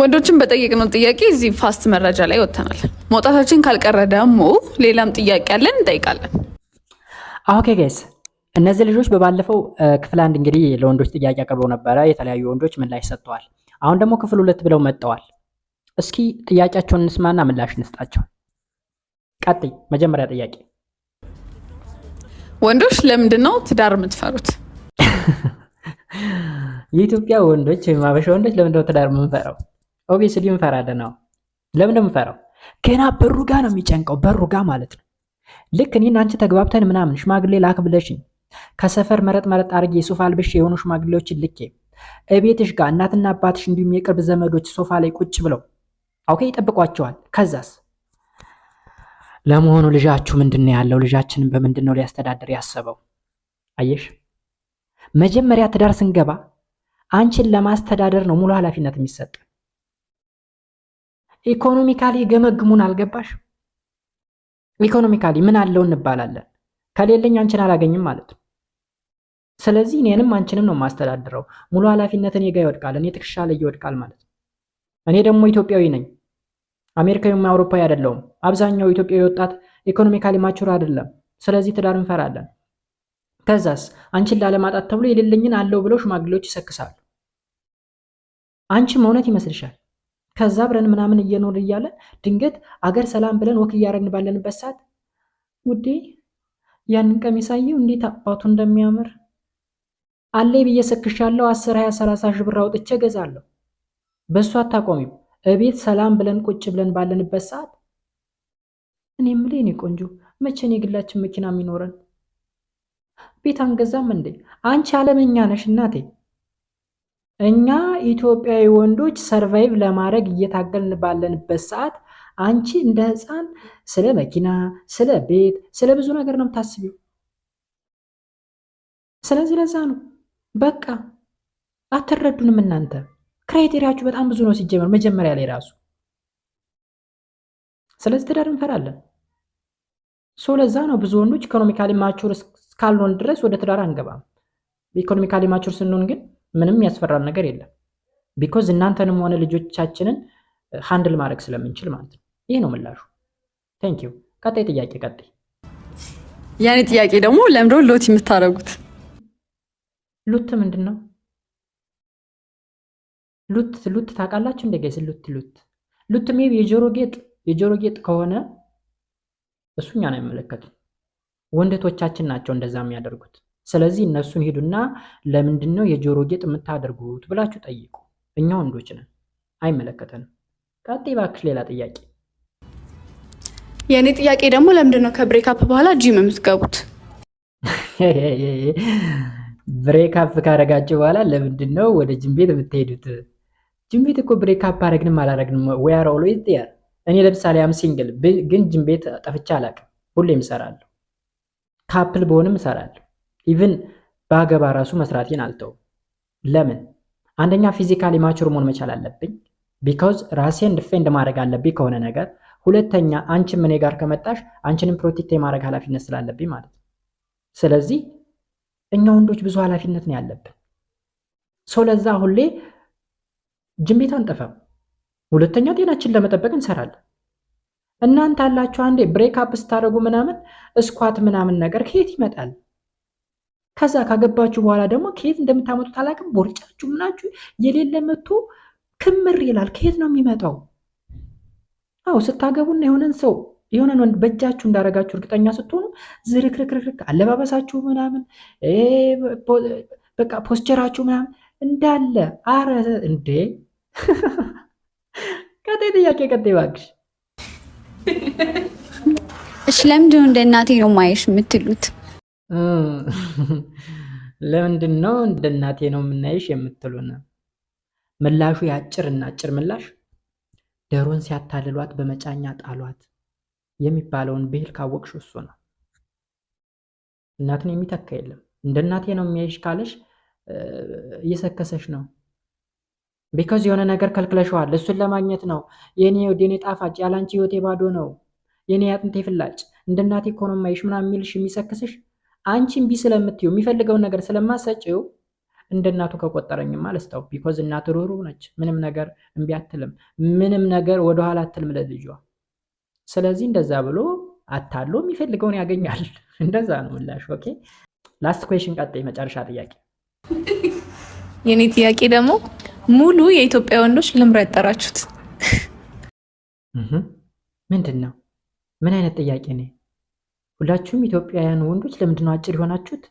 ወንዶችን በጠየቅነው ጥያቄ እዚህ ፋስት መረጃ ላይ ወጥተናል። መውጣታችን ካልቀረ ደግሞ ሌላም ጥያቄ አለን እንጠይቃለን። ኦኬ ጋይስ፣ እነዚህ ልጆች በባለፈው ክፍል አንድ እንግዲህ ለወንዶች ጥያቄ አቅርበው ነበረ። የተለያዩ ወንዶች ምላሽ ሰጥተዋል። አሁን ደግሞ ክፍል ሁለት ብለው መጥተዋል። እስኪ ጥያቄያቸውን እንስማና ምላሽ እንስጣቸው። ቀጥይ። መጀመሪያ ጥያቄ ወንዶች ለምንድን ነው ትዳር የምትፈሩት? የኢትዮጵያ ወንዶች ወይም አበሻ ወንዶች ለምንድን ነው ትዳር የምንፈራው? ኦቪስሊ እንፈራለን። አዎ ለምን ነው ገና በሩ ጋ ነው የሚጨንቀው፣ በሩ ጋ ማለት ነው። ልክ እኔና አንቺ ተግባብተን ምናምን ሽማግሌ ላክ ብለሽኝ ከሰፈር መረጥ መረጥ አድርጌ ሶፋ አልብሽ የሆኑ ሽማግሌዎችን ልኬ እቤትሽ ጋር እናትና አባትሽ እንዲሁም የቅርብ ዘመዶች ሶፋ ላይ ቁጭ ብለው ኦኬ ይጠብቋቸዋል። ከዛስ ለመሆኑ ልጃችሁ ምንድን ነው ያለው? ልጃችንን በምንድን ነው ሊያስተዳድር ያሰበው? አየሽ፣ መጀመሪያ ትዳር ስንገባ አንቺን ለማስተዳደር ነው ሙሉ ኃላፊነት የሚሰጥ? ኢኮኖሚካሊ ገመግሙን አልገባሽ? ኢኮኖሚካሊ ምን አለው እንባላለን። ከሌለኝ አንቺን አላገኝም ማለት ነው። ስለዚህ እኔንም አንቺንም ነው የማስተዳድረው። ሙሉ ኃላፊነት እኔ ጋ ይወድቃል። እኔ ጥቅሻ ላይ ይወድቃል ማለት ነው። እኔ ደግሞ ኢትዮጵያዊ ነኝ፣ አሜሪካዊም አውሮፓዊ አይደለውም። አብዛኛው ኢትዮጵያዊ ወጣት ኢኮኖሚካሊ ማቹር አይደለም። ስለዚህ ትዳር እንፈራለን። ከዛስ አንቺን ላለማጣት ተብሎ የሌለኝን አለው ብለው ሽማግሌዎች ይሰክሳሉ። አንቺም እውነት ይመስልሻል? ከዛ አብረን ምናምን እየኖር እያለ ድንገት አገር ሰላም ብለን ወክ እያደረግን ባለንበት ሰዓት ውዴ ያንን ቀሚስ እንዴት አባቱ እንደሚያምር አለ ብዬ ሰክሻለሁ። አስር ሀያ ሰላሳ ሺህ ብር አውጥቼ እገዛለሁ። በእሱ አታቆሚም። እቤት ሰላም ብለን ቁጭ ብለን ባለንበት ሰዓት እኔ ምል ኔ ቆንጆ መቼ የግላችን መኪና የሚኖረን? ቤት አንገዛም እንዴ? አንቺ አለመኛ ነሽ እናቴ። እኛ ኢትዮጵያዊ ወንዶች ሰርቫይቭ ለማድረግ እየታገልን ባለንበት ሰዓት አንቺ እንደ ህፃን ስለ መኪና፣ ስለ ቤት፣ ስለ ብዙ ነገር ነው የምታስቢው። ስለዚህ ለዛ ነው በቃ አትረዱንም። እናንተ ክራይቴሪያችሁ በጣም ብዙ ነው ሲጀመር መጀመሪያ ላይ ራሱ። ስለዚህ ትዳር እንፈራለን። ሶ ለዛ ነው ብዙ ወንዶች ኢኮኖሚካሊ ማቹር እስካልሆን ድረስ ወደ ትዳር አንገባም። ኢኮኖሚካሊ ማቹር ስንሆን ግን ምንም ያስፈራን ነገር የለም። ቢኮዝ እናንተንም ሆነ ልጆቻችንን ሃንድል uh, ማድረግ ስለምንችል ማለት ነው። ይህ ነው ምላሹ። ቴንክ ዩ። ቀጣይ ጥያቄ ቀጣይ ያኔ ጥያቄ ደግሞ ለምዶ ሎት የምታደርጉት ሉት ምንድን ነው? ሉት ሉት ታውቃላችሁ? እንደ ጋይስ ሉት ሉት ሉት ሜቢ የጆሮ ጌጥ የጆሮ ጌጥ ከሆነ እሱኛ ነው የሚመለከቱ ወንደቶቻችን ናቸው እንደዛ የሚያደርጉት። ስለዚህ እነሱን ሄዱና ለምንድን ነው የጆሮ ጌጥ የምታደርጉት ብላችሁ ጠይቁ። እኛ ወንዶች ነን፣ አይመለከተንም። ቀጤ እባክሽ ሌላ ጥያቄ። የእኔ ጥያቄ ደግሞ ለምንድን ነው ከብሬካፕ በኋላ ጂም የምትገቡት? ብሬካፕ ካረጋችሁ በኋላ ለምንድን ነው ወደ ጅም ቤት የምትሄዱት? ጅም ቤት እኮ ብሬካፕ አረግንም አላረግንም ወያር ኦልዌዝ እኔ ለምሳሌ አም ሲንግል ግን ጅም ቤት ጠፍቼ አላውቅም። ሁሌም እሰራለሁ። ካፕል በሆንም እሰራለሁ። ኢቭን በአገባ ራሱ መስራቴን አልተው። ለምን? አንደኛ ፊዚካሊ ማቹር መሆን መቻል አለብኝ፣ ቢካውዝ ራሴን ዲፌንድ ማድረግ አለብኝ ከሆነ ነገር። ሁለተኛ አንቺም እኔ ጋር ከመጣሽ አንቺንም ፕሮቴክት የማድረግ ኃላፊነት ስላለብኝ ማለት ነው። ስለዚህ እኛ ወንዶች ብዙ ኃላፊነት ነው ያለብን። ሰው ለዛ ሁሌ ጅም አንጠፋም። ሁለተኛ ጤናችን ለመጠበቅ እንሰራለን። እናንተ አላችሁ አንዴ ብሬክ አፕ ስታደርጉ ምናምን እስኳት ምናምን ነገር ከየት ይመጣል? ከዛ ካገባችሁ በኋላ ደግሞ ከየት እንደምታመጡት አላውቅም። ቦርጫችሁ ምናችሁ የሌለ መቶ ክምር ይላል። ከየት ነው የሚመጣው? አዎ ስታገቡና የሆነን ሰው የሆነን ወንድ በእጃችሁ እንዳረጋችሁ እርግጠኛ ስትሆኑ ዝርክርክርክ አለባበሳችሁ ምናምን በቃ ፖስቸራችሁ ምናምን እንዳለ አረ እንዴ ቀጤ ጥያቄ ቀጤ እባክሽ እሺ ለምንድን እንደ እናቴ ነው ማየሽ የምትሉት ለምንድን ነው እንደ እናቴ ነው የምናይሽ የምትሉን? ምላሹ እና አጭር ምላሽ ደሮን ሲያታልሏት በመጫኛ ጣሏት የሚባለውን ብሂል ካወቅሽ እሱ ነው። እናትን የሚተካ የለም። እንደ እናቴ ነው የሚያይሽ ካለሽ እየሰከሰሽ ነው። ቢኮዝ የሆነ ነገር ከልክለሸዋል። እሱን ለማግኘት ነው። የኔ ዴኔ ጣፋጭ ያላንቺ ህይወቴ ባዶ ነው። የኔ አጥንቴ ፍላጭ እንደ እናቴ እኮ ነው የማይሽ ምናምን የሚልሽ የሚሰክስሽ አንቺ እምቢ ስለምትዩ የሚፈልገውን ነገር ስለማሰጪው እንደ እናቱ ከቆጠረኝም ልስጠው። ቢኮዝ እናት ሩህሩህ ነች። ምንም ነገር እምቢ አትልም። ምንም ነገር ወደኋላ አትልም ለልጇ። ስለዚህ እንደዛ ብሎ አታሎ የሚፈልገውን ያገኛል። እንደዛ ነው ምላሽ። ኦኬ ላስት ኩዌሽን፣ ቀጥ፣ መጨረሻ ጥያቄ። የኔ ጥያቄ ደግሞ ሙሉ የኢትዮጵያ ወንዶች ልምር ያጠራችሁት ምንድን ነው? ምን አይነት ጥያቄ ነው? ሁላችሁም ኢትዮጵያውያን ወንዶች ነው አጭር የሆናችሁት?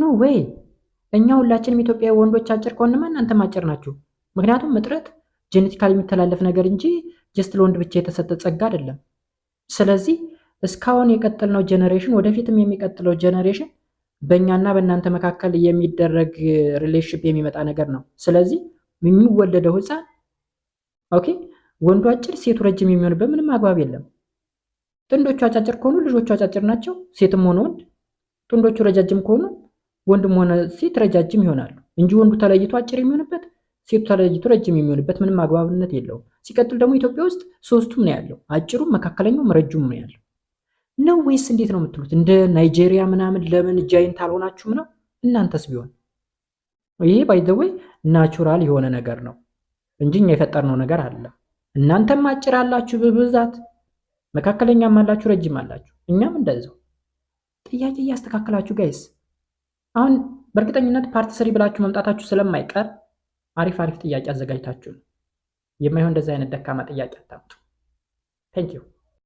ኖ ዌይ! እኛ ሁላችንም ኢትዮጵያዊ ወንዶች አጭር ከሆንማ እናንተም አጭር ናችሁ። ምክንያቱም እጥረት ጄኔቲካል የሚተላለፍ ነገር እንጂ ጀስት ለወንድ ብቻ የተሰጠ ጸጋ አይደለም። ስለዚህ እስካሁን የቀጠልነው ጀኔሬሽን ወደፊትም የሚቀጥለው ጄኔሬሽን በእኛና በእናንተ መካከል የሚደረግ ሪሌሽንሽፕ የሚመጣ ነገር ነው። ስለዚህ የሚወለደው ህፃን ኦኬ ወንዱ አጭር ሴቱ ረጅም የሚሆንበት ምንም አግባብ የለም። ጥንዶቹ አጫጭር ከሆኑ ልጆቹ አጫጭር ናቸው፣ ሴትም ሆነ ወንድ። ጥንዶቹ ረጃጅም ከሆኑ ወንድም ሆነ ሴት ረጃጅም ይሆናሉ እንጂ ወንዱ ተለይቶ አጭር የሚሆንበት ሴቱ ተለይቶ ረጅም የሚሆንበት ምንም አግባብነት የለውም። ሲቀጥል ደግሞ ኢትዮጵያ ውስጥ ሶስቱም ነው ያለው፣ አጭሩም መካከለኛውም ረጁም ነው ያለው። ነው ወይስ እንዴት ነው የምትሉት? እንደ ናይጄሪያ ምናምን ለምን ጃይንት አልሆናችሁም ነው? እናንተስ ቢሆን ይሄ ባይ ዘ ወይ ናቹራል የሆነ ነገር ነው እንጂ እኛ የፈጠርነው ነገር አለ። እናንተም አጭር አላችሁ በብዛት መካከለኛም አላችሁ፣ ረጅም አላችሁ። እኛም እንደዛው ጥያቄ እያስተካከላችሁ ጋይስ። አሁን በእርግጠኝነት ፓርት ስሪ ብላችሁ መምጣታችሁ ስለማይቀር አሪፍ አሪፍ ጥያቄ አዘጋጅታችሁ ነው። የማይሆን እንደዚህ አይነት ደካማ ጥያቄ አታምጡ። ቴንክ ዩ